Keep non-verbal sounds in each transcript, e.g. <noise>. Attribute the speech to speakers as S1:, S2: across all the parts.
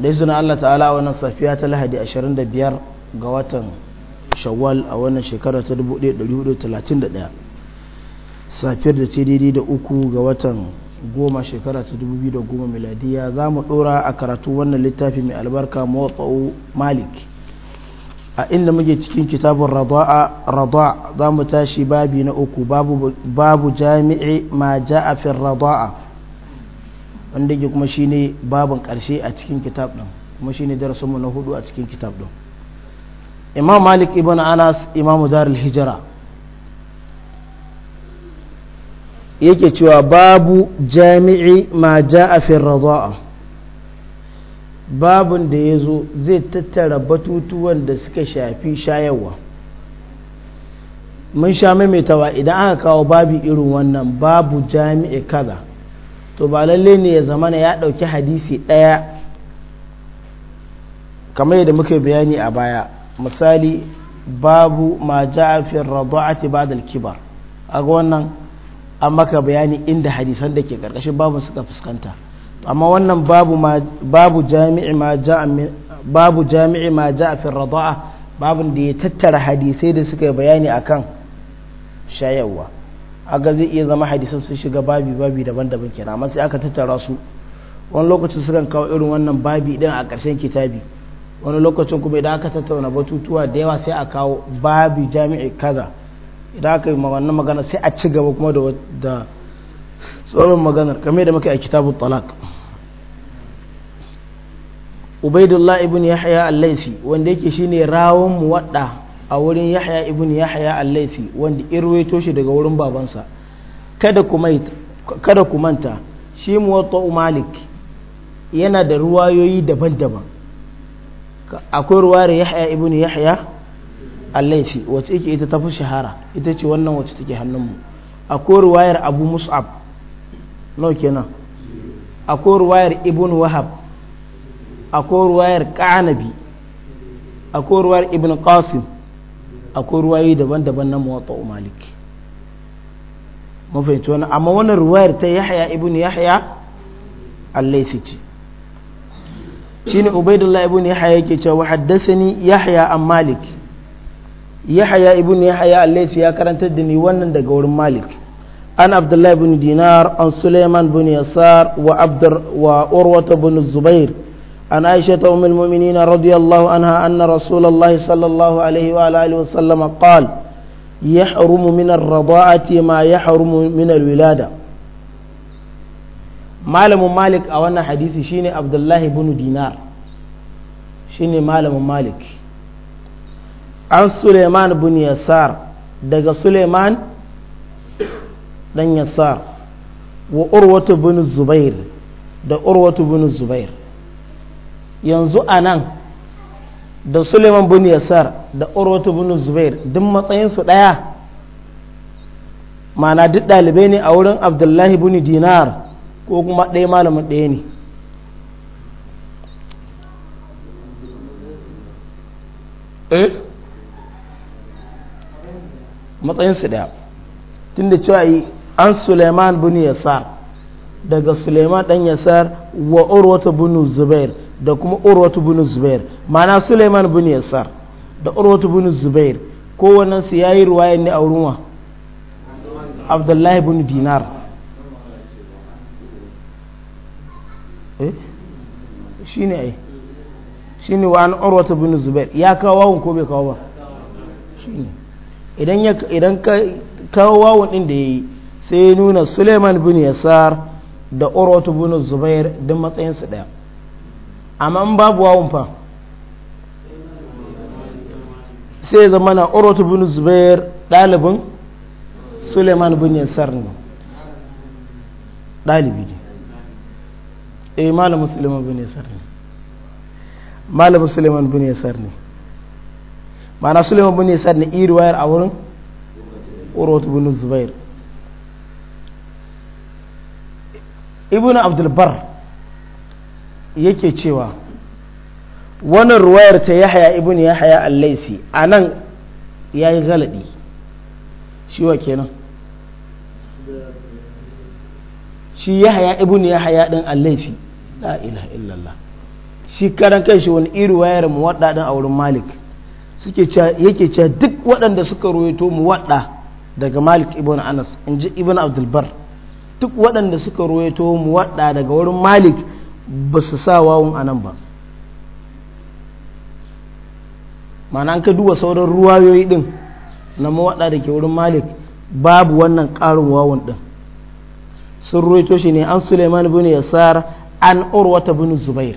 S1: da izinin Allah ta'ala wannan safiya ta lahadi 25 ga watan shawwal a wannan shekara ta 1431 safiyar da ce daidai da uku ga watan goma shekara ta 2010 miladiya za mu dora a karatu wannan littafi mai albarka mawatsa'u malik a inda muke cikin kitabun rada'a za mu tashi babi na uku babu jami'i ma ja'afin fi wanda yake kuma shine babin karshe a cikin kitab din kuma shine darasinmu na hudu a cikin kitab din imam malik ibn anas imam al hijra yake cewa babu jami'i ma ja'a fi rida'a babun da ya zo zai tattara batutuwan da suka shafi shayarwa mun sha tawa idan aka kawo babu irin wannan babu jami'i kaza to ba lalle ne ya zamana ya ɗauki hadisi ɗaya kamar yadda muka bayani a baya misali babu ma ja'a fi radha'ati ba'da kibar a ga wannan an maka bayani inda hadisan da ke karkashin babu suka fuskanta amma wannan babu babu jami'i ma ja'a babu jami'i da ya tattara hadisai da suka yi bayani akan shayarwa aga zai iya zama hadisan sun shiga babi babi daban-daban kira amma sai aka tattara su wani lokacin kan kawo irin wannan babi din a ƙarshen kitabi wani lokacin kuma idan aka tattauna batutuwa da yawa sai a kawo babi jami'i kaza idan aka yi wannan magana sai a ci gaba kuma da tsoron maganar kame da muka yi a kitabun talak ubaidullah ibn yahya al-laisi wanda yake shine rawun muwadda a wurin yahya ibn yahya al-laifi wanda irwaito shi daga wurin babansa kada kada ku manta shi muwatta malik yana da ruwayoyi daban-daban akwai ruwayar yahya ibn yahya al-laifi wacce yake ita tafi shahara ita ce wannan wacce take hannunmu akwai ruwayar abu mus'ab nawa kenan akwai ruwayar ibn wahab akwai ruwayar kanabi akwai ruwayar ibn qasim akwai ruwayi daban-daban na muwatta malik mafahimci wani amma wani ruwayar ta yahya ibn yahya al-laythi ce shine ubaidullah ibn yahya yake cewa ni yahya an malik yahya ibn yahya al ya karanta da ni wannan daga wurin malik an abdullahi ibn dinar an suleiman ibn yasar wa abdur wa urwata ibn zubair عن عائشة أم المؤمنين رضي الله عنها أن رسول الله صلى الله عليه وعلى آله وسلم قال يحرم من الرضاعة ما يحرم من الولادة مالم مالك أو أن حديث شيني عبد الله بن دينار شيني مالم مالك عن سليمان بن يسار دقى سليمان بن يسار وأروة بن الزبير da urwatu bin zubair yanzu a nan da suleiman bin yasar da urwatu bin zubair duk matsayinsu ɗaya mana duk ɗalibai ne a wurin abdullahi bin dinar ko kuma ɗaya malamin ɗaya ne eh matsayinsu ɗaya tun da cewa yi an suleiman bin yasar daga suleiman ɗan yasar wa urwatu bin zubair da kuma urwatu bin zubair ma'ana suleiman bin yasar da urwatu bin zubair kowannen su yayi ruwayan ne a wurin wa abdullahi bin dinar eh shine ai wa an urwatu bin zubair ya kawo wawun ko bai kawo ba idan ya idan ka kawo wawun din da yayi sai ya nuna suleiman bin yasar da urwatu bin zubair duk matsayinsu daya amma babu wawun fa sai zama na urwatu bin zubair ɗalibin suleiman bin yansar ne ɗalibi ne eh malamin suleiman bin yansar ne malamin suleiman bin yansar ne ma'ana suleiman bin yansar ne iri wayar a wurin orotu bin zubair ibn abdulbar yake cewa wannan ruwayar ta yahaya ibn yahaya allaisi a nan ya yi galadi shi wa kenan shi yahaya ibn yahaya din allaisi la ilaha illallah shi karan kai shi wani iri wayar mu wadda din a wurin malik suke yake cewa duk waɗanda suka ruwaito mu wadda daga malik ibn anas in ji ibn abdulbar duk waɗanda suka ruwaito mu wadda daga wurin malik ba su sa wawun a nan ba mana an ka duba sauran ruwayoyi din na mawaɗa da ke wurin malik babu wannan ƙarin wawun din sun ruwaito shi ne an suleiman bin yasar an urwata bin zubair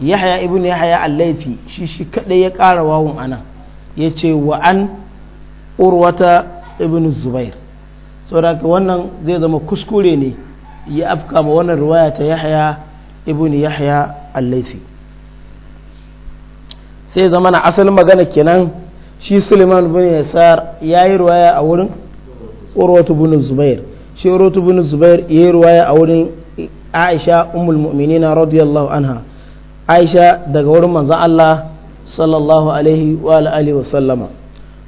S1: yahya ibn yahya a laifi shi shi kadai ya ƙara wawun anan ya ce wa an urwata ibn zubair saboda wannan zai zama kuskure ne ya afka ma wannan ruwaya ta yahya ibn yahya al laythi sai zama na asalin magana kenan shi suleiman bin yasar ya yi ruwaya a wurin urwatu ibn zubair shi urwatu ibn zubair ya yi ruwaya a wurin aisha ummul mu'minina radiyallahu anha aisha daga wurin manzon Allah sallallahu alaihi wa alihi wa sallama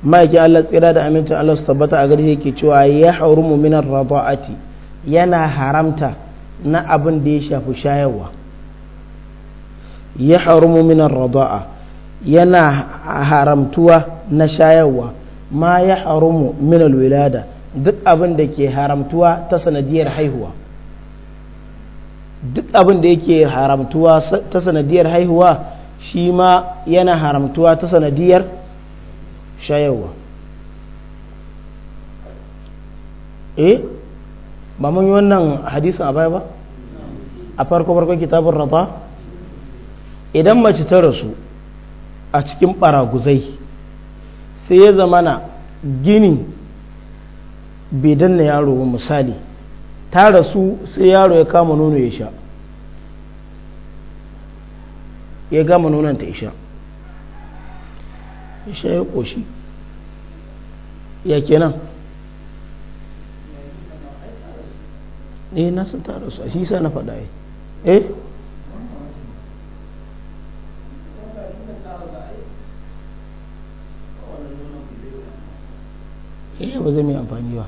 S1: ma'aikin Allah tsira da amincin Allah su tabbata a gare yake cewa ya haurumu minar rada'ati yana haramta na abin da ya shafi shayarwa ya harumu minar rada'a yana haramtuwa na shayarwa ma ya harumu minal wilada duk abin da ke haramtuwa ta sanadiyar haihuwa duk abin da yake haramtuwa ta sanadiyar haihuwa shi ma yana haramtuwa ta sanadiyar shayarwa eh ba mun yi wannan hadisin a baya ba a farko farko kitabun rata idan mace ta rasu a cikin baraguzai sai ya zama na gini bai danna yaro misali ta rasu sai yaro ya kama nono ya sha ya gama nonon ta isha sha ya ƙoshi ya kenan eh na san ta rasu shi sa na faɗa eh eh ba zai mai amfani ba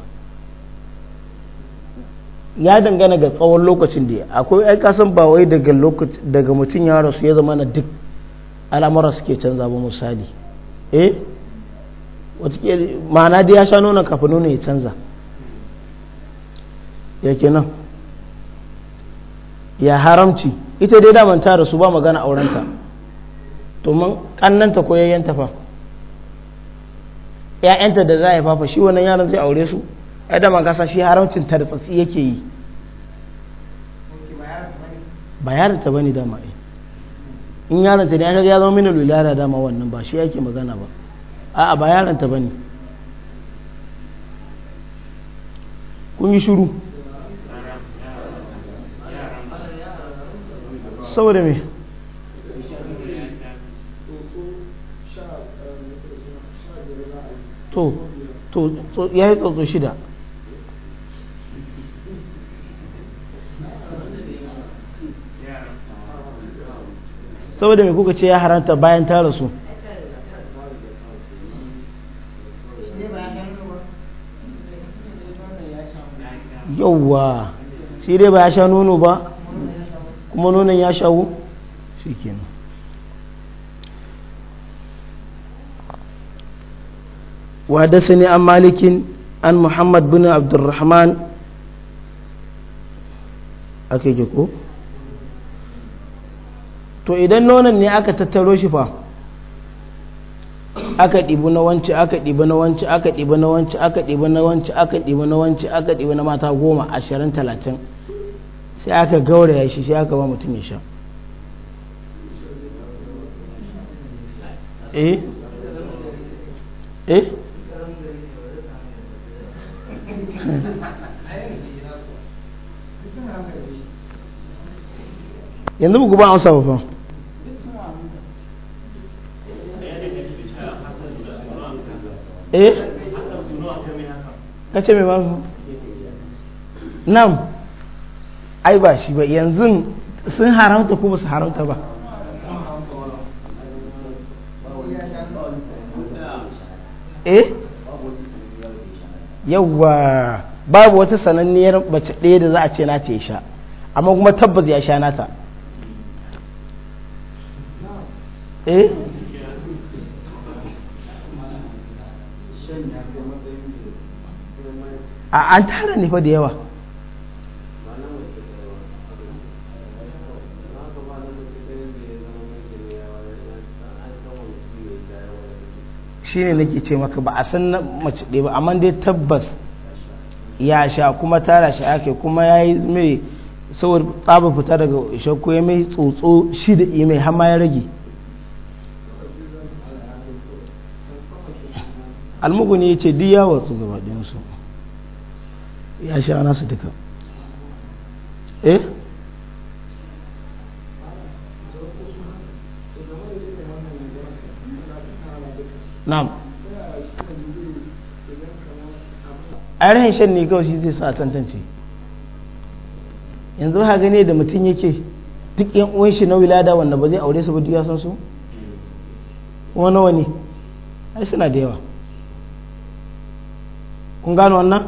S1: ya dangana ga tsawon lokacin da akwai ai kasan ba wai daga daga mutum ya rasu ya zama na duk al'amura suke canza ba misali eh wata ma'ana da ya sha nuna kafin nuna ya canza ya kenan ya haramci ita dai daman ta su ba magana aurenta to man kannanta ko yayyanta fa ya'yanta da za a yi fafa shi wannan yaron zai aure su ai da man kasa shi haramcin ta da tsatsi yake yi ba yaron ta bane dama ai eh. in yaron ta ne aka ya zama mini da dama wannan ba shi yake magana ba a'a ba yaron ta bane kun yi shiru saboda me to to to ya yi tsotso shida saboda mai kuka ce ya haranta bayan tara su yauwa shi dai ba ya sha nono ba kuma nonon ya shawo shi kenan وحدثني عن مالك عن محمد بن عبد الرحمن ake ke ko to idan nonon ne aka tattaro shi fa aka ɗibi na wance aka ɗibi na wance aka ɗibi na wance aka ɗibi na wance aka ɗibi na wance aka ɗibi na mata goma ashirin talatin sai aka ya shi sai aka ba mutum ya sha eh? Eh? yanzu buku ba amsa ba eh ce mai ba nan ai ba shi ba yanzu sun haramta ko basu su haramta ba eh yawa babu wata sananniyar mace ɗaya da za a ce nata ya sha amma kuma tabbas ya sha nata eh a an tara ne fa da yawa Shi ne nake ce maka ba a san mace ɗaya ba amma dai tabbas ya sha kuma tara shi ake kuma ya yi mai saboda tsaba fita daga shakku ya mai tsotso shi da mai hama ya rage almuguni ya ce duk yawon su gaba ɗinsu ya sha nasu duka eh na'am
S2: a rahin shan ne
S1: kawai shi zai sa tantance yanzu ha gane da mutum yake duk yan uwan shi na wilada wanda ba zai aure su ba duk ya san su wani wani ai suna da yawa kun gano wannan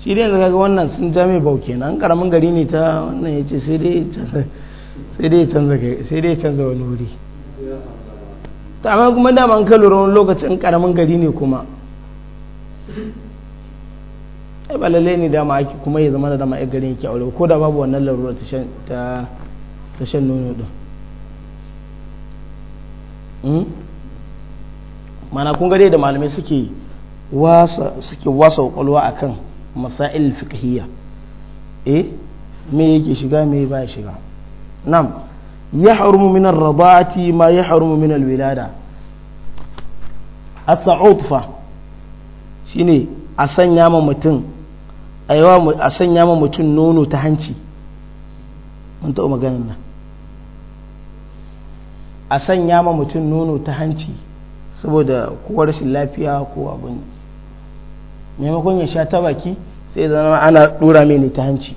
S1: shi dai kaga wannan sun ja mai bau kenan karamin gari ne ta wannan ya ce sai dai ya canza wani wuri ta amma kuma dama an kalu ruwan lokacin karamin gari ne kuma ai ba lalle ne dama ake kuma ya zama da dama ai garin yake aure ko da babu wannan larura ta ta shan nono din mana hmm? kun gare da malamai suke wasa suke wasa kwakwalwa akan masail fiqhiyya eh me yake shiga me baya shiga na'am ya harumu minar rabati ma ya harumu minar wilada a sa'utufa shi ne a sanya ma mutum nono ta hanci mun ta'o maganin nan a sanya ma mutum nono ta hanci saboda kowa rashin lafiya ko abin maimakon ya sha ta baki sai zama ana dora mai ne ta hanci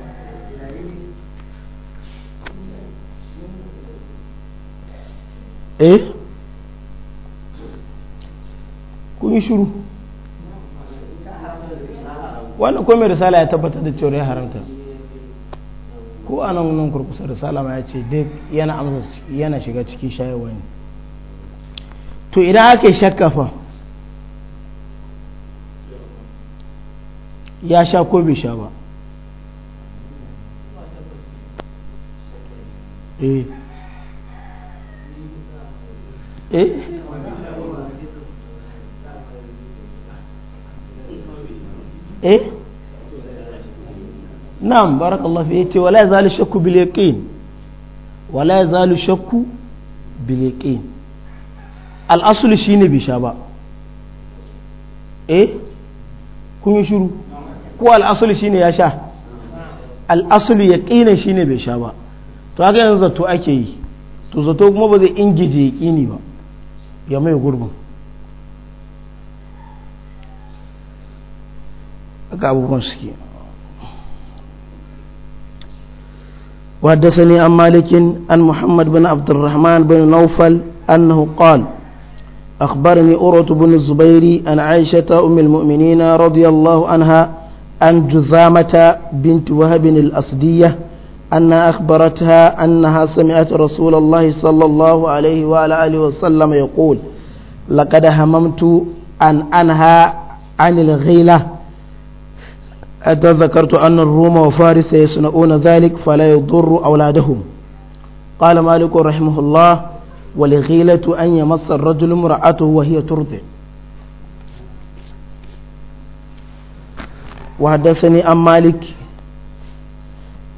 S1: eh kun yi shuru wannan kome risala ya tabbatar da cewar ya haramta ko a nan nan kurkusa risala ma ya ce duk yana amsa yana shiga ciki shayarwa ne to idan ake yi shakkafa ya sha ko bai sha ba
S2: eh. eh
S1: eh na'am barakallahu fi yace wala yazalu shakku bil yaqin wala shakku bil yaqin al aslu shine bi sha ba eh kun yi shiru ko al aslu shine ya sha al aslu yaqinan shine bai sha ba to haka yanzu zato ake yi to zato kuma ba zai ingije yaqini ba ya mai gurbin ga abubuwan suke وحدثني عن مالك عن محمد بن عبد الرحمن بن نوفل أنه قال أخبرني أروة بن الزبير عن عائشة أم المؤمنين رضي الله عنها عن جذامة بنت وهب الأصدية أنها أخبرتها أنها سمعت رسول الله صلى الله عليه وعلى آله وسلم يقول لقد هممت أن أنهى عن الغيلة أتذكرت ذكرت أن الروم وفارس يصنعون ذلك فلا يضر أولادهم قال مالك رحمه الله ولغيلة أن يمس الرجل امرأته وهي ترضع وحدثني عن مالك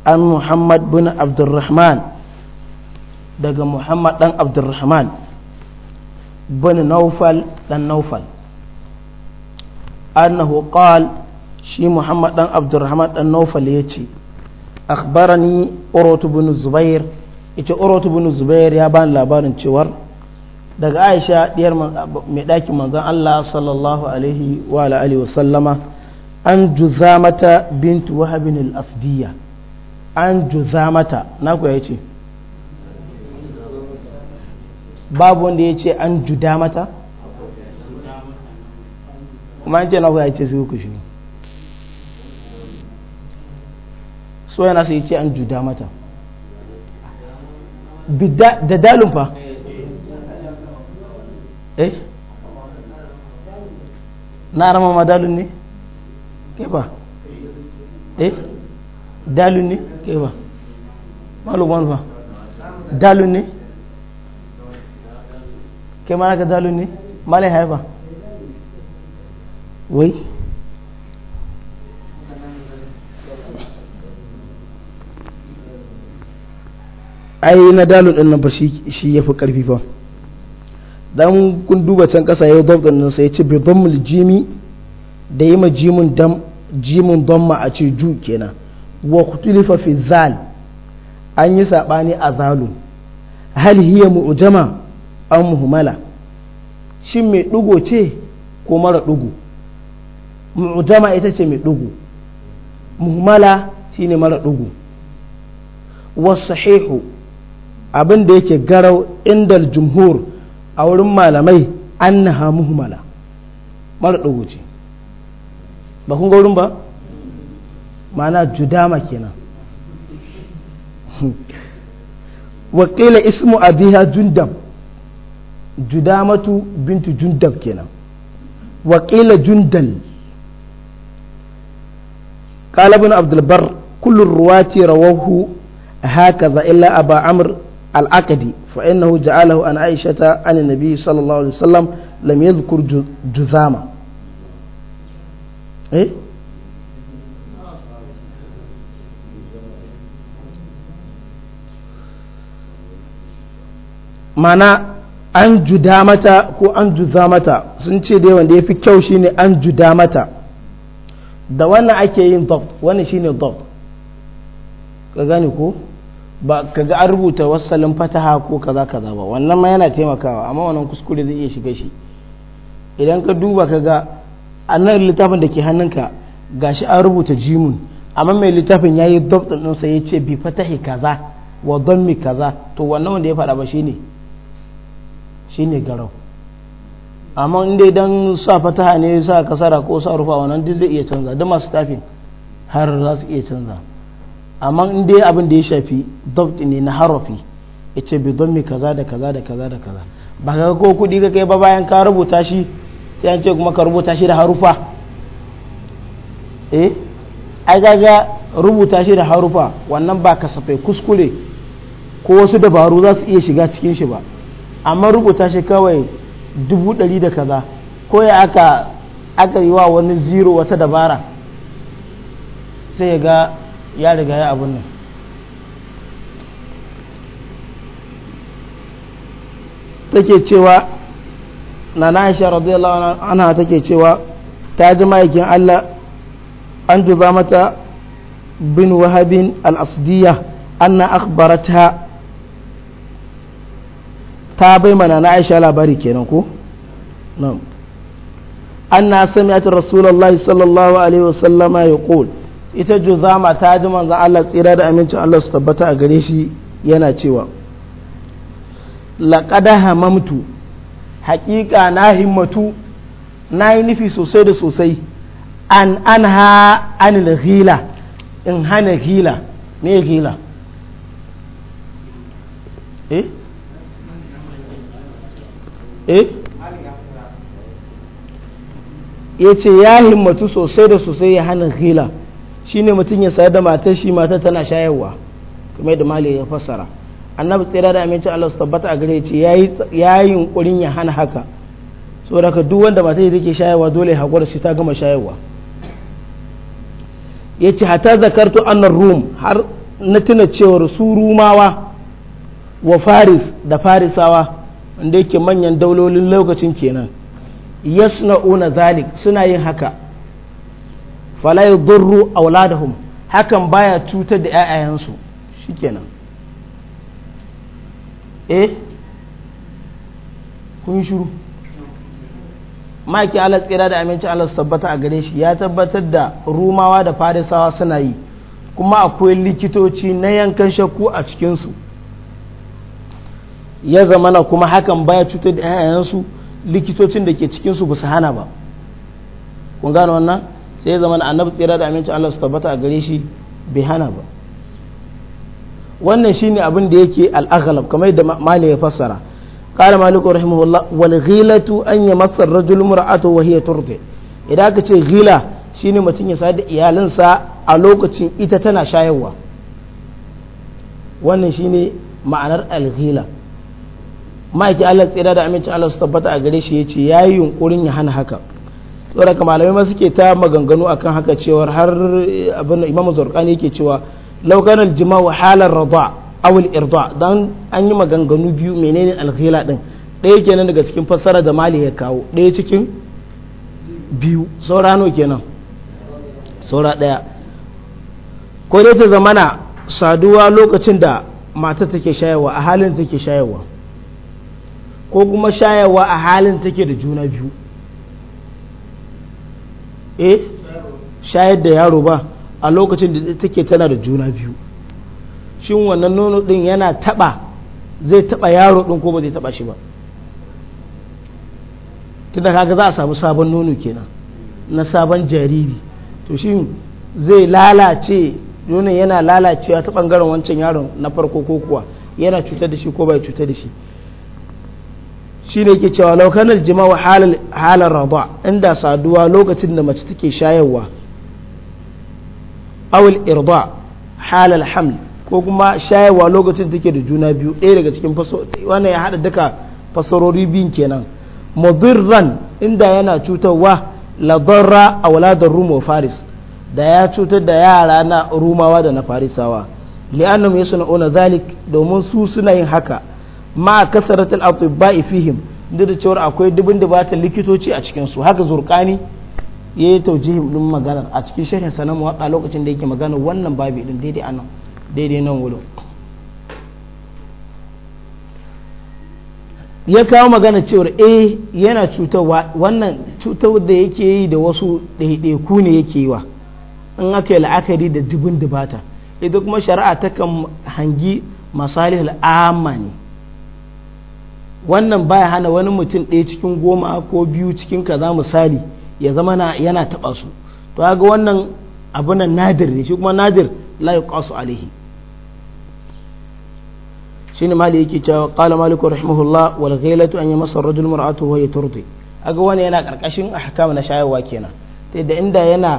S1: an muhammad bin abdurrahman daga muhammad dan abdurrahman bin naufal dan naufal annahu qal shi muhammad dan abdurrahman dan naufal ya ce akhbarani urutu bin zubair ita urutu bin zubair ya bani labarin cewar daga aisha diyar mai ɗakin manzan allah sallallahu alaihi wa alihi wa sallama an juzamata bintu wahabin al-asdiyya an zamata na ku ya ce babu wanda ya ce an juda mata kuma an ce na ku ya ce su ku shi so yana su yi ce an juda mata da dalin fa eh na rama madalin ne ke ba eh dalun ne kai ba malu ba dalun ne ke ma naka dalun ne malai haifa wai ai na dalun din nan ba shi ya fi karfi fa dan kun duba can kasa ya dab din sai ya ce bi dammul jimi da yi ma jimin dam jimin damma a ce ju kenan wa kutulifa fi zal an yi saɓani a zalu hal hiya mu'jama an muhumala shin mai ɗugo ce ko mara ɗugu mu'jama ita ce mai ɗugu muhumala shine mara ɗugu wasahihu abin da yake garau indal jumhur a wurin malamai annaha muhumala mara dugo ce ba kun ga wurin ba ma'ana judama kenan <laughs> waƙila ismu abiha jundab judamatu bintu jundab kenan wakila jundal ƙalabin abdulbar kullum ruwati rawahu haka za illa aba amur al'akadi فإنه جعله عن عائشة عن النبي صلى الله عليه وسلم لم يذكر جزامة إيه؟ mana an juda mata ko an juza mata sun ce dai wanda ya fi kyau shine an juda mata da wannan ake yin dabt wannan shine dabt ka gane ko ba ka ga an rubuta wasalin fataha ko kaza kaza ba wannan ma yana taimakawa amma wannan kuskure zai iya shiga shi idan ka duba ka ga annan littafin da ke hannunka shi an rubuta jimun amma mai littafin ya yi dabt ɗinsa ya ce bi fatahi kaza wa dhammi kaza to wannan wanda ya faɗa ba shine ne shine garau amma in dai sa fataha ne sa kasara ko sa rufa wannan duk zai iya canza da masu tafin har za su iya canza amma in dai abin da ya shafi dabt ne na harafi yace bi dhammi kaza da kaza da kaza da kaza ba ka ko kudi ka kai ba bayan ka rubuta shi sai an ce kuma ka rubuta shi da harufa eh ai gaga rubuta shi da harufa wannan ba kasafai kuskure ko wasu dabaru za su iya shiga cikin shi ba amma rubuta shi kawai dubu ɗari da kaza ko ya aka aka yi wa wani zero wata dabara sai ya ga ya riga ya abin nan take cewa na na aisha radiyallahu anha take cewa ta ji ma'aikin Allah an juza mata bin wahabin al-asdiya anna akhbarata ta bai mana na aisha labari kenan ko na anna sami'at rasulullahi sallallahu alaihi wasallama yaqul ita juzama ta ji manzon Allah tsira da amincin Allah su tabbata a gare shi yana cewa laqad hamamtu haƙiƙa na himmatu na yi nufi sosai da sosai an an ha anil ghila in hana ghila me ghila eh eh ya ce ya himmatu sosai da sosai ya hana hila shine mutum ya sayar da matar shi matar tana shayarwa kuma da mali ya fassara annabi tsira da aminci Allah su tabbata a gare ce ya yi yunkurin ya hana haka saboda ka duk wanda matar take shayarwa dole ya shi ta gama shayarwa ya ce hata zakartu annar rum har na tuna cewar su rumawa wa faris da farisawa wanda yake manyan daulolin lokacin kenan una zalik suna yin haka fala durru auladahum hakan baya cutar da ƴaƴayensu shikenan eh kun shiru maki ala tsira da aminci Allah su tabbata a gare shi ya tabbatar da rumawa da farisawa suna yi kuma akwai likitoci na yankan shakku a cikinsu ya zamana kuma hakan baya cutar da 'ya'yansu likitocin da ke cikinsu ba su hana ba kun gane wannan sai ya zamana annabi tsira da amincin Allah tabbata a gare shi bai hana ba wannan shine abin da yake al'aghlab kamar yadda mali ya fassara qala malik rahimahullah wal ghilatu an yamassa ar-rajul mar'atu wa hiya idan aka ce ghila shine mutum ya sadar da iyalin sa a lokacin ita tana shayarwa wannan shine ma'anar al ma'aikin Allah tsira da amincin Allah su tabbata a gare shi ya yi yunkurin ya hana haka saboda ka malamai ma suke ta maganganu akan haka cewa har eh, abin Imam Zurqani yake cewa law kana wa halar rida aw al-irda dan an yi maganganu biyu menene al-khila din ɗaya kenan daga cikin fassara da mali ya kawo ɗaya cikin biyu saurano kenan saura ɗaya ko dai ta zamana saduwa lokacin da mata take shayarwa a halin take shayarwa ko kuma shayarwa a halin take da juna biyu E! shayar da yaro ba a lokacin da take tana da juna biyu shin wannan nono din yana taba zai taba yaro din ko ba zai taba shi ba tunda kaga za a samu sabon nono kenan na sabon jariri to shin zai lalace nonon yana lalacewa ta bangaren wancan yaron na farko ko kuwa yana cutar da shi ko bai cutar da shi shi ne ke cewa laukanar jima'u halar rada inda saduwa lokacin da mace take shayarwa awul irda halal haml ko kuma shayarwa lokacin take da juna biyu ɗaya daga cikin wannan ya haɗa duka fasarori biyun kenan mudirran inda yana cutarwa ladarra a rum rumo faris da ya cutar da yara na rumawa da na farisawa li'annum yasna'una zalik domin su suna yin haka ma kasaratul atibba'i fihim duk da cewa akwai dubin bata likitoci a cikin su haka zurkani ya yi taujihin din maganar a cikin sharhin sanan muwatta lokacin da yake magana wannan babi din daidai anan daidai nan wulo ya kawo magana cewar eh yana cutarwa wannan cutar da yake yi da wasu ɗaiɗaiku ne yake yi wa in aka yi la'akari da dubin dubata ita kuma shari'a ta kan hangi masalihul amani ne wannan baya hana wani mutum ɗaya cikin goma ko biyu cikin kaza misali ya zama yana taɓa su to ga wannan abu nan nadir ne shi kuma nadir la alihi shi ne mali yake cewa ƙala maliku rahimahullah wal ghailatu an yi masa rajul mar'atu wa yaturdi aga wani yana karkashin ahkam na shayarwa kenan ta yadda inda yana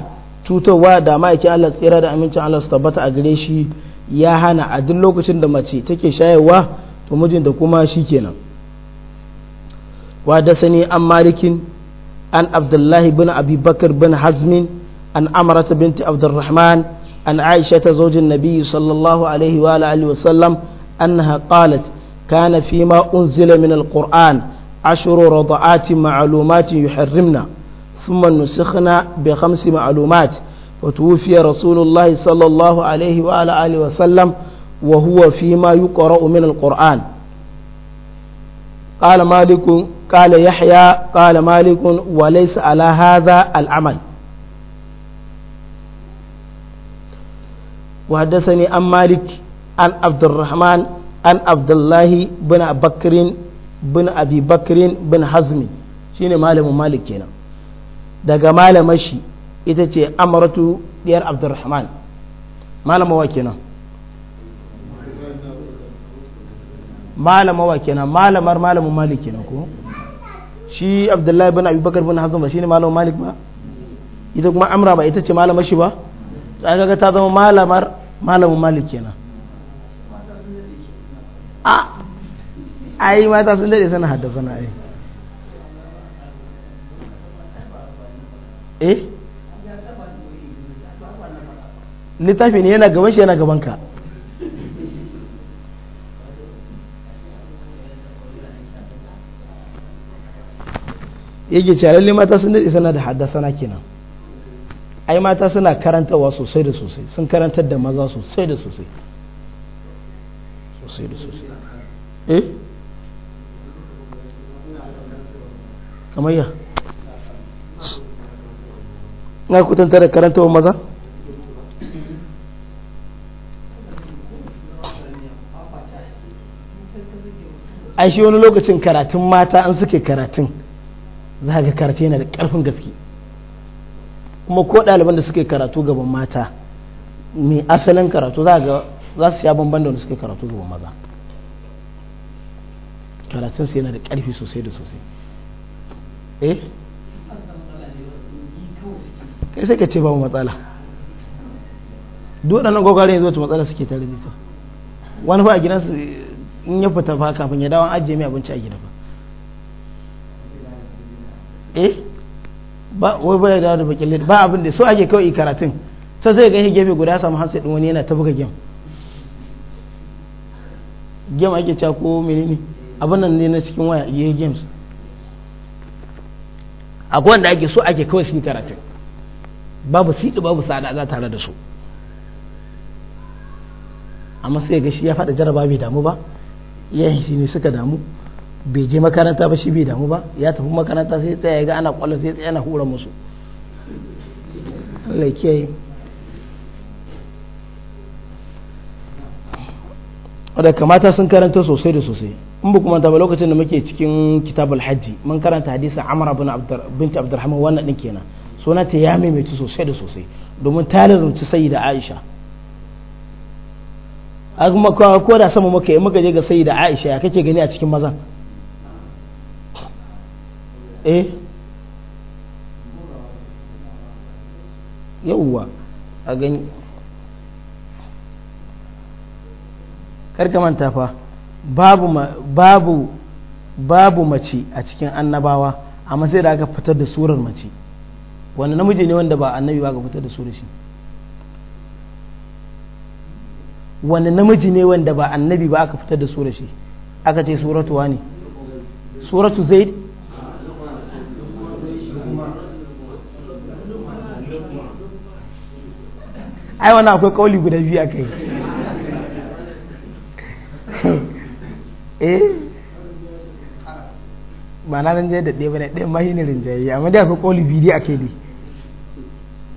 S1: tutowa da ma'aikin Allah tsira da amincin Allah su tabbata a gare shi ya hana a duk lokacin da mace take shayarwa to mijinta kuma shi kenan وحدثني عن مالك عن عبد الله بن أبي بكر بن حزم عن أمرة بنت عبد الرحمن عن عائشة زوج النبي صلى الله عليه وآله وسلم أنها قالت كان فيما أنزل من القرآن عشر رضعات معلومات يحرمنا ثم نسخنا بخمس معلومات وتوفي رسول الله صلى الله عليه وعلى آله وسلم وهو فيما يقرأ من القرآن قال مالك قال يحيى قال مالك وليس على هذا العمل وحدثني عن مالك عن عبد الرحمن عن عبد الله بن بكر بن أبي بكر بن حزم شين مالم مالك هنا دقا مالم مشي إذا أمرت ديار عبد الرحمن مالم واكنا malama wa kenan malamar malamin malik kenan ko shi abdullahi bin abubakar bin hazm ba shine malamin malik ba ita kuma amra ba ita ce Malama shi ba sai ga ta zama malamar malamin malik kenan a ai mata sun dade sana haddasa na ai eh littafi ne yana gaban shi yana gaban ka yake ce lalle mata sun daɗe sana da haddasana kenan ai mata suna karantarwa sosai da sosai sun karantar da maza sosai da sosai sosai da sosai eh kamar ya na kutanta da karantarwa maza ai shi wani lokacin karatun mata an suke karatun za ga karatu yana da ƙarfin gaske kuma ko ɗaliban da suke karatu gaban mata mai asalin karatu za ga za su sha bamban da wanda suke karatu gaban maza karatun su yana da ƙarfi sosai da sosai eh kai sai ka ce babu matsala duk wadannan gwagwarin yanzu wata matsala suke tare da wani fa a gidansu in ya fita fa kafin ya dawo an ajiye mai abinci a gida ba eh ba wai baya da da bakin ba abin da so ake kawai karatun sai zai ga gefe guda samu hansa ɗin wani yana ta buga gem gem ake cewa ko menene abin nan ne na cikin waya yi games akwai wanda ake so ake kawai su karatun babu siɗi babu sa'ada tare da su amma sai ga shi ya faɗa jaraba bai damu ba yayin shi ne suka damu bai je makaranta ba shi bai damu ba ya tafi makaranta sai tsaya ga ana kwallo sai tsaya na hura musu Allah wadda kamata sun karanta sosai da sosai in ba kuma taba lokacin da muke cikin kitab hajji mun karanta hadisa amara bin binti abdurrahman wannan din kenan suna ta ya maimaitu sosai da sosai domin ta lazumci sayi da aisha a kuma ko da sama muka yi muka je ga sayi da aisha ya kake gani a cikin mazan eh yauwa a gani manta fa babu babu babu mace a cikin annabawa amma sai da aka fitar da surar mace wanda namiji ne wanda ba annabi ba ka fitar da surar shi wanda namiji ne wanda ba annabi ba aka fitar da surar shi aka ce suratu ne suratu zaid ai wani akwai kauli guda biyu a kai <laughs> eh ba na rinjaye da ɗaya ba ne ɗaya mahi ne rinjaye amma dai akwai kauli biyu a kai ne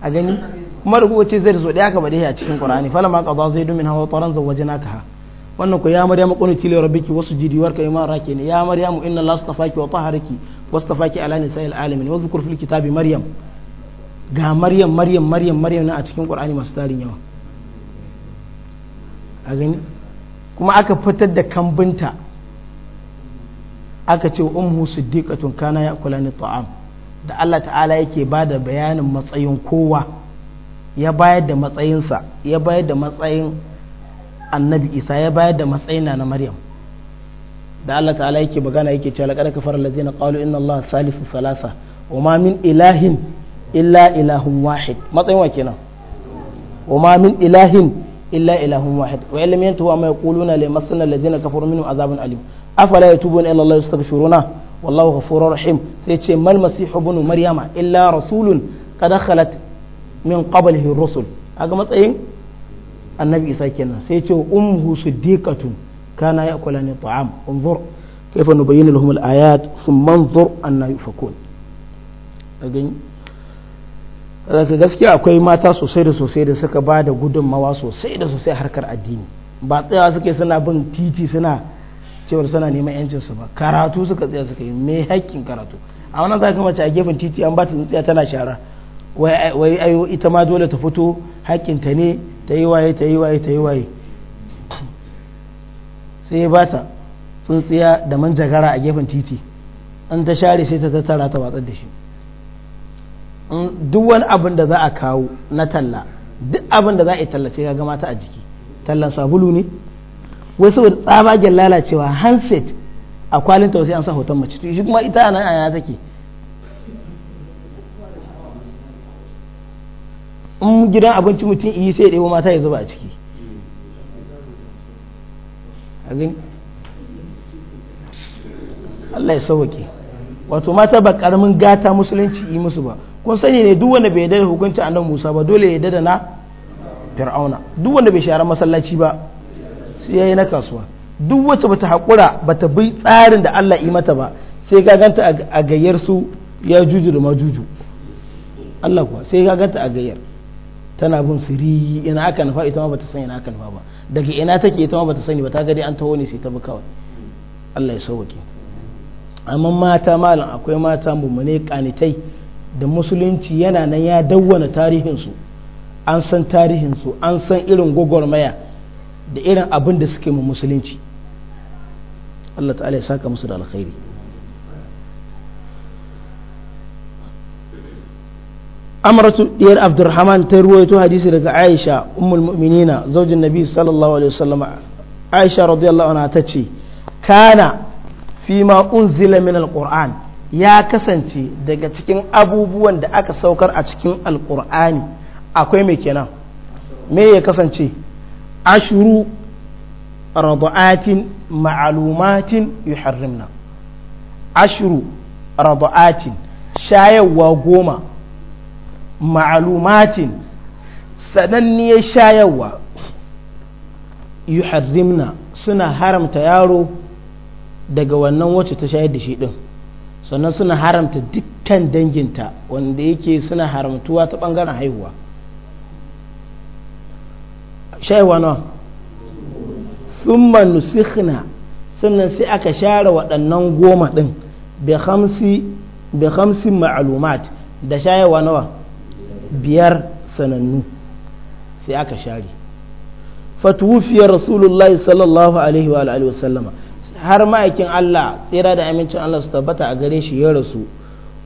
S1: a gani kuma da ce zai zo ɗaya ka ba a cikin ƙur'ani fala ma ƙaza zai min hawa taran aka ha wannan ko ya maryamu qunuti li rabbiki wasjudi warka imam raki ne ya maryamu inna allaha astafaki wa taharaki wastafaki ala nisa'il alamin wa dhkur fil kitabi maryam ga maryam maryam maryam maryam na a cikin qur'ani masu tarin yawa a gani kuma aka fitar da kambinta aka ce ummu siddiqatun kana ya'kulani ta'am da Allah ta'ala yake ba da bayanin matsayin kowa ya bayar da matsayinsa ya bayar da matsayin annabi isa ya bayar da matsayin na maryam da Allah ta'ala yake magana yake cewa laqad kafara allazina qalu inna allaha salisu salasa wa ma min ilahin illa ilahun wahid matsayin wa kenan wa ma min ilahin illa ilahun wahid wa illam yantahu amma yaquluna la yamassana alladhina kafaru minhum azabun alim afala yatubuna ila allah yastaghfiruna wallahu ghafurur rahim sai ce mal masih ibn maryama illa rasulun qad khalat min qablihi rusul aga matsayin annabi isa kenan sai ce ummuhu siddiqatun kana ya'kulani ta'am unzur kayfa nubayyinu lahum al-ayat thumma anzur anna yufakun zaka gaskiya akwai mata sosai da sosai da suka ba da gudunmawa sosai da sosai harkar addini ba tsayawa suke suna bin titi suna cewar suna neman yancin su ba karatu suka tsaya suka yi mai haƙƙin karatu a wannan zaka mace a gefen titi an ba ta tsaya tana shara wai ayo ita ma dole ta fito haƙƙinta ne ta yi waye ta yi waye ta yi waye sai ya bata tsintsiya da manjagara a gefen titi an ta share sai ta tattara ta watsar da shi duk wani abin da za a kawo na talla duk abin da za a yi tallace ga gama ta a jiki tallan sabulu ne wai saboda tsabagen lalacewa handset a kwalin tausayi an sa hoton mace shi kuma ita nan a yana take in gidan abinci mutum iyi sai ɗebo mata ya zuba a ciki Allah ya sauke wato mata ba karamin gata musulunci yi musu ba kun sani ne duk wanda bai yarda da hukuncin annabi Musa ba dole ya yarda da na Fir'auna duk wanda bai share masallaci ba sai yayi na kasuwa duk wacce bata hakura bata bi tsarin da Allah yi mata ba sai ka ganta a gayyar su ya juju da majuju Allah kuwa sai ka ganta a gayyar tana bin siri ina aka nufa ita ma bata san ina aka nufa ba daga ina take ita ma bata sani ba ta ga dai an taho ne sai ta bi kawai Allah ya sauke amma mata malam akwai mata ne kanitai da musulunci yana nan ya dawwana tarihinsu an san tarihinsu an san irin gwagwarmaya da irin abin da suke mu musulunci Allah ta'ala ya saka musu da alkhairi amratu diyar abdurrahman ta ruwaito hadisi daga aisha ummul mu'minina zaujin nabi sallallahu alaihi wasallam aisha radiyallahu anha tace kana fi ma unzila min alquran ya kasance daga cikin abubuwan da aka saukar a cikin alkur'ani akwai mai kenan me ya kasance ashuru radu'atin ma'alumatin yuharrimna ashuru radu'atin shayarwa goma ma'alumatin sananniyar shayarwa yuharrimna suna haramta yaro daga wannan wacce ta shayar da shi din sannan suna haramta dukkan danginta wanda yake suna haramtuwa ta bangaren haihuwa shaiwa na summa nusikhna sannan sai aka share waɗannan goma ɗin hamsin ma'alumat da shayewa nawa biyar sanannu sai aka share fatuwufiyar rasulullahi sallallahu alaihi wa alihi wasallama har ma'aikin Allah tsira da amincin Allah su tabbata a gare shi ya rasu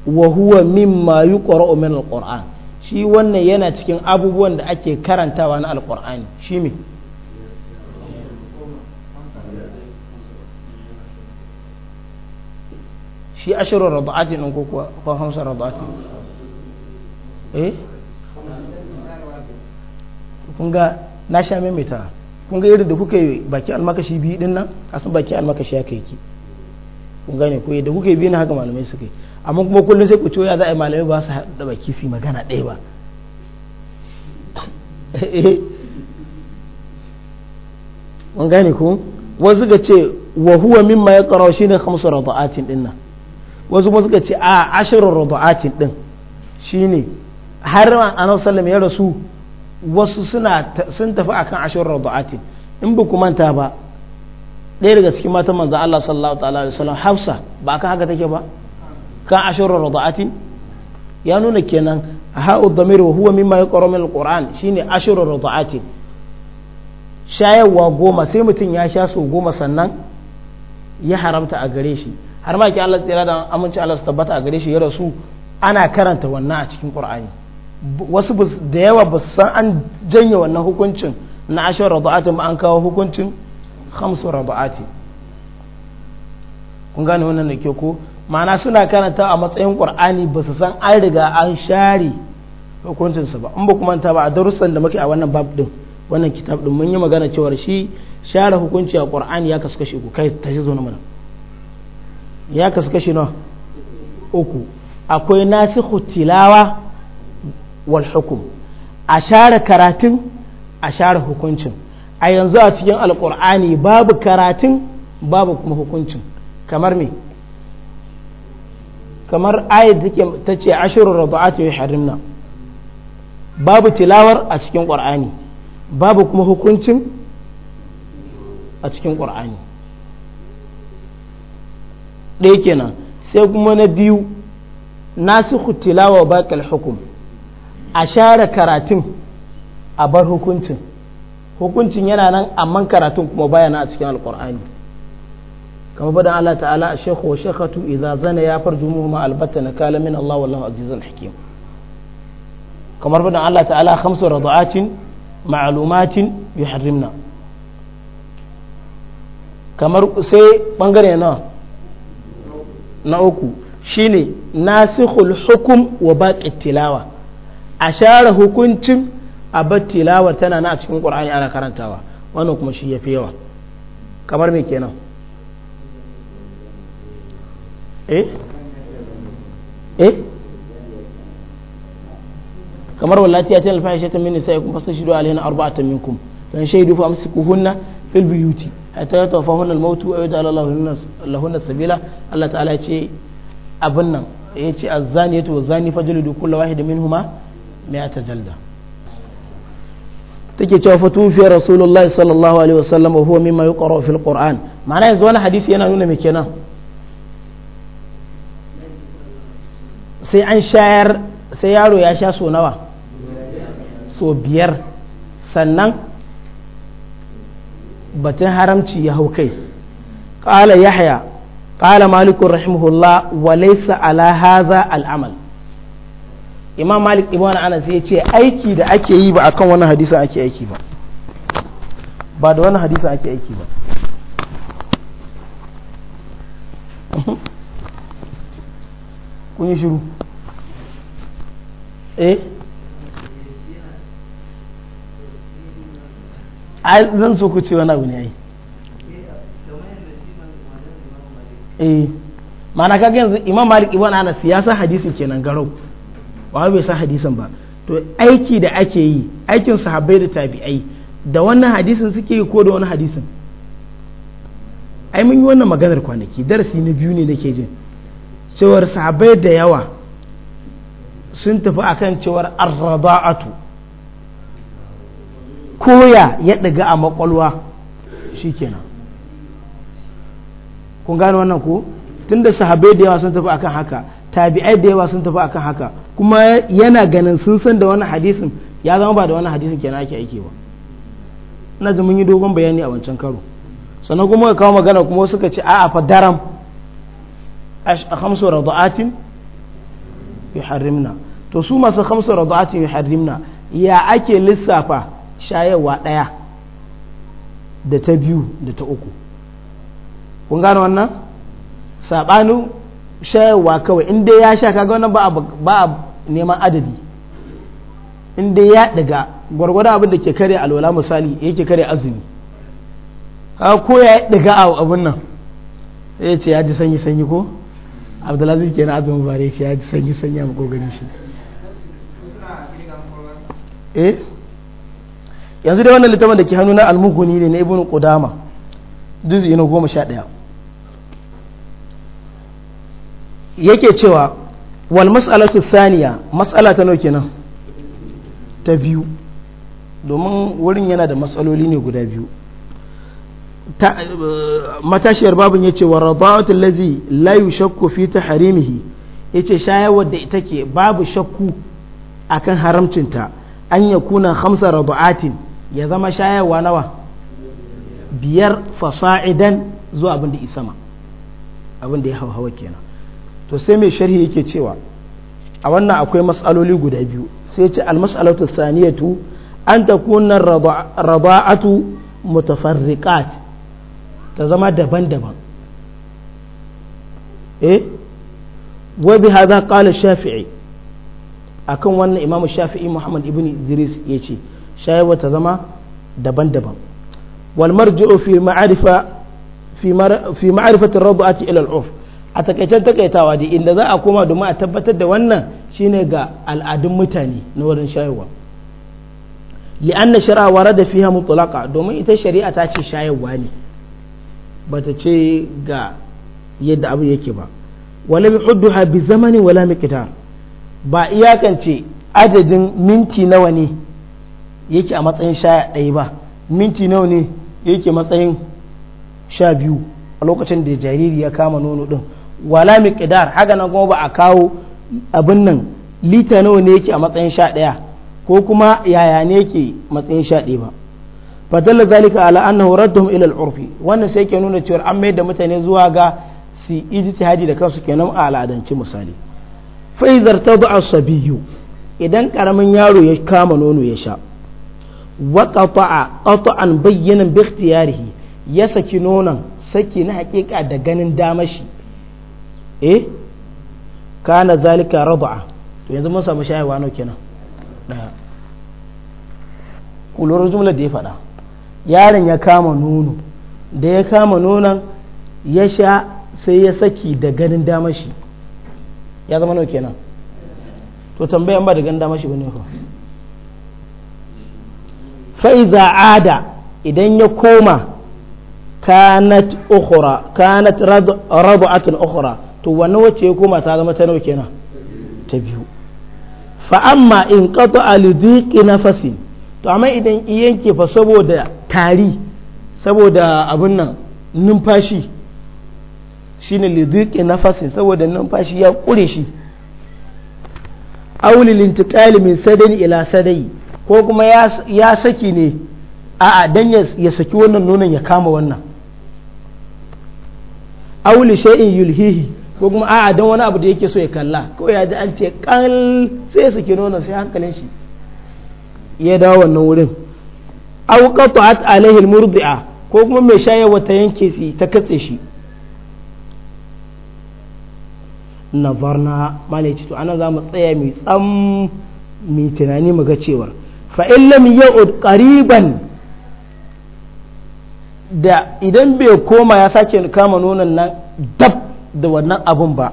S1: wa huwa mimma yuqra'u min alquran shi wannan yana cikin abubuwan da ake karantawa na alqur'ani shi me shi ashirin rabu'ati ɗin ko kuwa ko hamsin rabu'ati eh kun ga na sha mai maimaita kun ga irin da kuka yi baki almakashi biyu din nan kasan baki almakashi kai ki kun gane ko yadda kuka yi biyu na haka malamai suka yi amma kuma kullum sai ku ciwo ya za a yi malamai ba su haɗa baki su yi magana ɗaya ba <laughs> kun gane ko wasu ga ce wa huwa mimma ya karo ne khamsu rada'atin din nan wasu kuma suka ce a ashirin rada'atin din shi ne har ma anan alaihi ya rasu wasu suna sun tafi akan ashirin radu'atin in ba ku manta ba ɗaya daga cikin matan manzo Allah sallallahu ta'ala alaihi wasallam Hafsa ba kan haka take ba kan ashirin radu'atin ya nuna kenan ha'u damir wa huwa mimma yaqra min alquran shine ashir radu'atin shayarwa goma sai mutum ya sha su goma sannan ya haramta a gare shi har ma ki Allah tsira da aminci Allah su tabbata a gare shi ya rasu ana karanta wannan a cikin Qur'ani wasu da yawa ba su san an janye wannan hukuncin na ashirin rabu'atin ba an kawo hukuncin hamsin rabu'ati kun gane wannan da ke ko ma'ana suna karanta a matsayin ƙwar'ani ba su san an riga an share hukuncinsu ba in ba kuma ta ba a darussan da muke a wannan bab din wannan kitab din mun yi magana cewar shi share hukunci a ƙwar'ani ya kasu kashe uku kai tashi zo na mana ya kasu kashe nawa uku akwai nasikhu tilawa wal hukum a share karatun a share hukuncin a yanzu a cikin alkur'ani babu karatun babu kuma hukuncin kamar me kamar ayat take ta ce ashirin radu'atu ya harimna babu tilawar a cikin ƙur'ani babu kuma hukuncin a cikin ƙur'ani ɗaya kenan sai kuma na biyu nasu tilawa baƙal hukum a share karatun a bar hukuncin hukuncin yana nan amma karatun kuma baya a cikin alkur'ani kamar fadin Allah ta'ala a shekhu wa shekhatu idza zana ya farju ma albatta na kala min Allah wallahu azizan hakim kamar fadin Allah ta'ala khamsu radu'atin ma'lumatin yuharrimna kamar sai bangare na na uku shine nasikhul hukum wa baqi tilawa a share hukuncin a bar tilawar tana na a cikin qur'ani ana karantawa wannan kuma shi ya fi yawa kamar me kenan eh eh kamar wallati atin alfahishatan min nisaikum na alaihin ta minkum dan shaidu fa amsikuhunna fil buyuti hatta yatawaffahunna al-maut wa yaj'al lahunna sabila Allah ta'ala ya ce abin nan ya ce azzani ya tuwa zani fajilidu da min huma. مئة جلدة take cewa fatufiyar rasulullahi sallallahu alaihi wasallam huwa mimma yuqra fil qur'an ma'ana yanzu wani hadisi yana nuna me kenan sai an shayar sai yaro ya sha so nawa so biyar sannan batun haramci ya hau kai qala yahya qala malikun rahimahullah wa laysa ala hadha al amal imam malik ibn anas ya ce aiki da ake yi ba akan wani hadisa ake aiki ba ba da wani hadisa ake aiki ba <laughs> kun yi shiru eh a zan so ku ce wani abu ne ai eh mana kaga yanzu imam malik ibn anas ya san hadisi kenan garau ba bai san hadisin ba to aiki da ake yi aikin sahabbai da tabi'ai da wannan hadisin suke yi ko da wani hadisin ai mun yi wannan maganar kwanaki darasi na biyu ne nake jin cewar sahabbai da yawa sun tafi akan cewar arrada'atu koya ya ɗiga a makwalwa shikenan kun gane wannan ko tunda sahabbai da yawa sun tafi akan haka tabi'ai da yawa sun tafi akan haka kuma yana ganin sun san da wani hadisin ya zama ba da wani hadisin kenan ake aiki ba na ji mun yi dogon bayani a wancan karo sannan kuma ka kawo magana kuma suka ce a'a fa daram a khamsu ya yuharrimna to su masu khamsu rada'atin yuharrimna ya ake lissafa shayarwa ɗaya da ta biyu da ta uku kun gane wannan sabanin shayarwa kawai in dai ya sha kaga wannan ba a. neman adadi inda ya daga gwargwadon abin da ke kare alwala misali ya ke kare azumi ha ko ya daga a abin nan ya ce ya ji sanyi sanyi ko abdulaziz ke na azumin bare ce ya ji sanyi sanyi a makogarin shi eh yanzu dai wannan littafin da ke hannu na almuguni ne na ibn qudama juz'i na goma sha ɗaya yake cewa wal mas'alatu thaniya mas'ala ta nauke nan ta biyu domin wurin yana da matsaloli ne guda biyu eh, matashiyar babin yace wa radawatu allazi la yushakku fi tahrimihi yace shayarwar da ita ke babu shakku akan haramcinta an kuna khamsa radu'atin ya zama shayarwa nawa biyar fasa'idan zuwa abin da isama abin da ya hawa kenan to sai mai sharhi yake cewa a wannan akwai mas'aloli guda biyu sai ce almas'alatu saniyatu an ta takuna rada'atu mutafarriqat ta zama daban-daban eh wa bi hadha qala shafi'i akan wannan imamu shafi'i muhammad ibn idris yace shayarwa ta zama daban-daban wal marji'u fi ma'arifa fi ma'rifati ar-rada'ati ila al-urf a takaicen takaitawa da inda za a koma domin a tabbatar da wannan shine ga al'adun mutane na wurin shayarwa li'anna shari'a wara da fiha mutlaqa domin ita shari'a ta ce shayarwa ne bata ce ga yadda abu yake ba wala bi hudduha bi zamani wala miqdar ba iyakance adadin minti nawa ne yake a matsayin sha ɗaya ba minti nawa ne yake matsayin sha biyu a lokacin da jariri ya kama nono ɗin wala miqdar haka nan kuma ba a kawo abin nan lita nawa ne yake a matsayin sha ɗaya ko kuma yaya ne yake matsayin sha ɗaya ba fadalla zalika ala annahu raddum ila al-urfi wannan sai ke nuna cewa an mai da mutane zuwa ga su ijtihadi da kansu kenan a al'adance misali fa tadu as sabiyyu idan karamin yaro ya kama nono ya sha wa qata'a qata'an bayyanan bi ikhtiyarihi ya saki nonon saki na hakika da ganin damashi eh kana zalika rad'a to yanzu mun samu shayarwa nau kenan daya kulur jumla da ya faɗa yaron ya kama nono da ya kama nonon ya sha sai ya saki da ganin damashi shi ya zama nau kenan to tambayan ba da ganin damashi shi bane ko fa'iza ada idan ya koma kanat ukhra kanat rad'atun ukhra to wanne wacce ya koma ta zama ta nawa kenan ta biyu fa amma in qata na nafasin to amma idan yanke fa saboda tari saboda abin nan numfashi shine na nafasin saboda numfashi ya kure shi aulil intiqali min sadai ila sadai ko kuma ya saki ne a'a dan ya saki wannan nonon ya kama wannan auli shay'in yulhihi ko kuma a'a don wani abu da yake so ya kalla ko ya ji an ce kal sai su kino nan sai hankalin shi ya dawo wannan wurin aw qata'at alaihi murdi'a ko kuma mai shayarwa ta yanke shi ta katse shi nazarna malai ce to anan za mu tsaya mai tsam mai tunani mu ga cewar fa in lam ya'ud qariban da idan bai koma ya sake kama nonon nan dab da wannan abun ba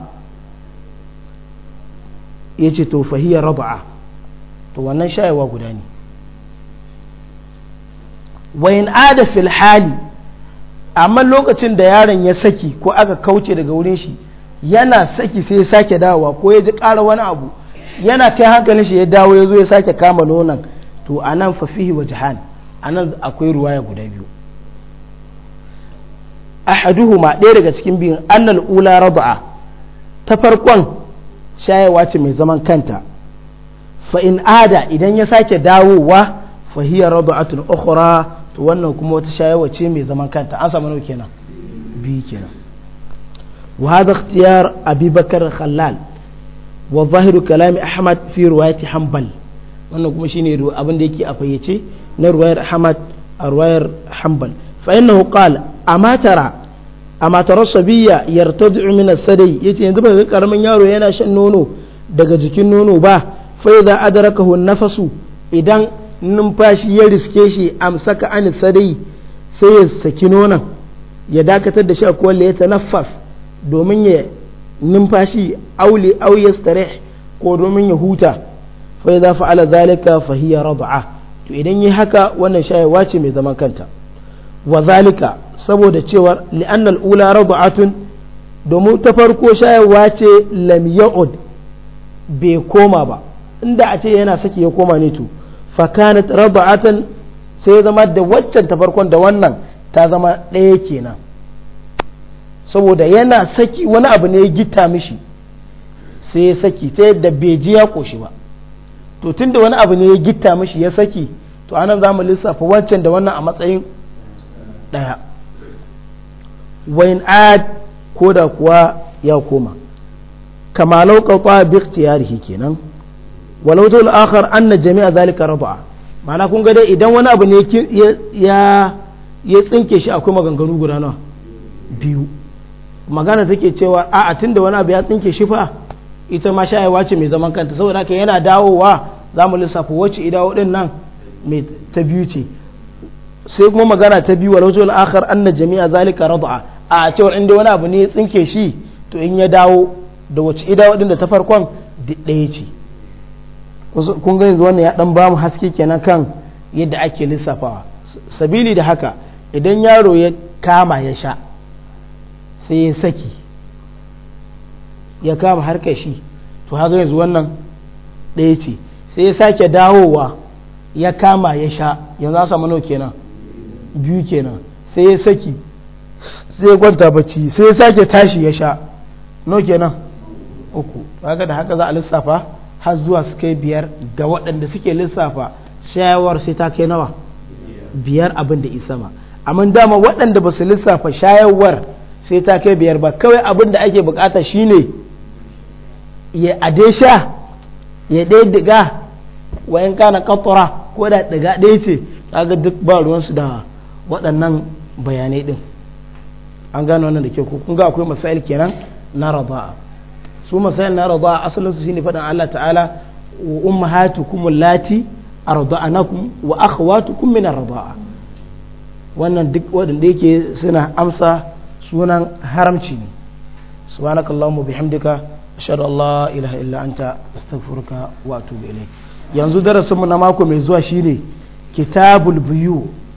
S1: ya ce to fahiyar raba'a to wannan shayewa guda ne wayan ada fil hali amma lokacin da yaron ya saki ko aka kauce daga wurin shi yana saki sai ya sake dawowa ko ya ji ƙara wani abu yana kai hankalin shi ya dawo ya zo ya sake kama nonon to anan fafihi wa jahan anan akwai ruwaya guda biyu ahaduhuma ɗaya daga cikin biyun annal ula raba'a ta farkon shayarwa ce mai zaman kanta fa in ada idan ya sake dawowa fa hiya tun ukhra to wannan kuma wata shayarwa ce mai zaman kanta an samu nawa kenan bi kenan wa hada ikhtiyar abubakar khallal wa zahiru kalami ahmad fi riwayati hanbal wannan kuma shine abin da yake a fayyace na ruwayar ahmad a ruwayar hanbal فإنه قال أما ترى أما ترى الصبية يرتدع من الثدي يتي يندبا يقر من يارو ينا شن نونو daga jikin nono ba fai za a daraka nafasu idan numfashi ya riske shi amsaka an sadai sai ya saki nonon ya dakatar da shi a kowalle ya tanaffas domin ya numfashi auli au ko domin ya huta fai za fa'ala zalika fahiya raba'a to idan yi haka wannan shayewa ce mai zaman kanta wa zalika saboda cewa li'anar ula radu'atun domin ta farko shayarwa ce lam ya'ud bai koma ba inda a ce yana saki ya koma ne to fa kanat radu'atan sai ya zama da waccan ta farkon da wannan ta zama ɗaya kenan saboda yana saki wani abu ne ya gita mishi sai ya saki ta yadda bai ji ya koshi ba to tunda wani abu ne ya gita mishi ya saki to anan zamu lissafa wancan da wannan a matsayin ɗaya wain ad ko kuwa ya koma kama laukata bi ikhtiyarihi kenan walau ta akhar anna jami'a zalika rafa'a ma'ana kun ga dai idan wani abu ne ya ya tsinke shi akwai maganganu guda nawa biyu magana take cewa a tunda wani abu ya tsinke shi fa ita ma shayewa ce mai zaman kanta saboda haka yana dawowa za mu lissafa wacce idawo din nan mai ta biyu ce sai kuma magana ta biyu walau zuwa akhar na jami'a zalika rad'a a cewar inda wani abu ne ya tsinke shi to in ya dawo da wace ida din da ta farkon ɗaya ce kun gani yanzu wannan ya ba mu haske kenan kan yadda ake lissafawa sabili da haka idan yaro ya kama ya sha sai ya saki ya kama har kashi to haka yanzu wannan ɗaya ce sai ya sake dawowa ya kama ya sha yanzu a samu nau kenan biyu kenan sai ya saki sai ya kwanta bacci sai ya sake tashi ya sha no kenan uku haka da haka za a lissafa har zuwa su kai biyar ga waɗanda suke lissafa shayawar sai ta kai nawa biyar abin da isa ma amma dama waɗanda ba su lissafa shayawar sai ta kai biyar ba kawai abin da ake bukata shine ya ade sha ya ɗaya diga wa kana katura ko da diga ɗaya ce kaga duk ba ruwansu da waɗannan bayanai ɗin an gano wannan da ke kun ga akwai masail kenan na raba'a su masail na raba'a asalin su shine faɗin Allah ta'ala wa ummahatukum allati arda'anakum wa akhawatukum min arda'a wannan duk waɗanda yake suna amsa sunan haramci ne subhanakallahumma bihamdika ashhadu an la ilaha illa anta astaghfiruka wa atubu ilayk yanzu darasinmu na mako mai zuwa shine kitabul biyu.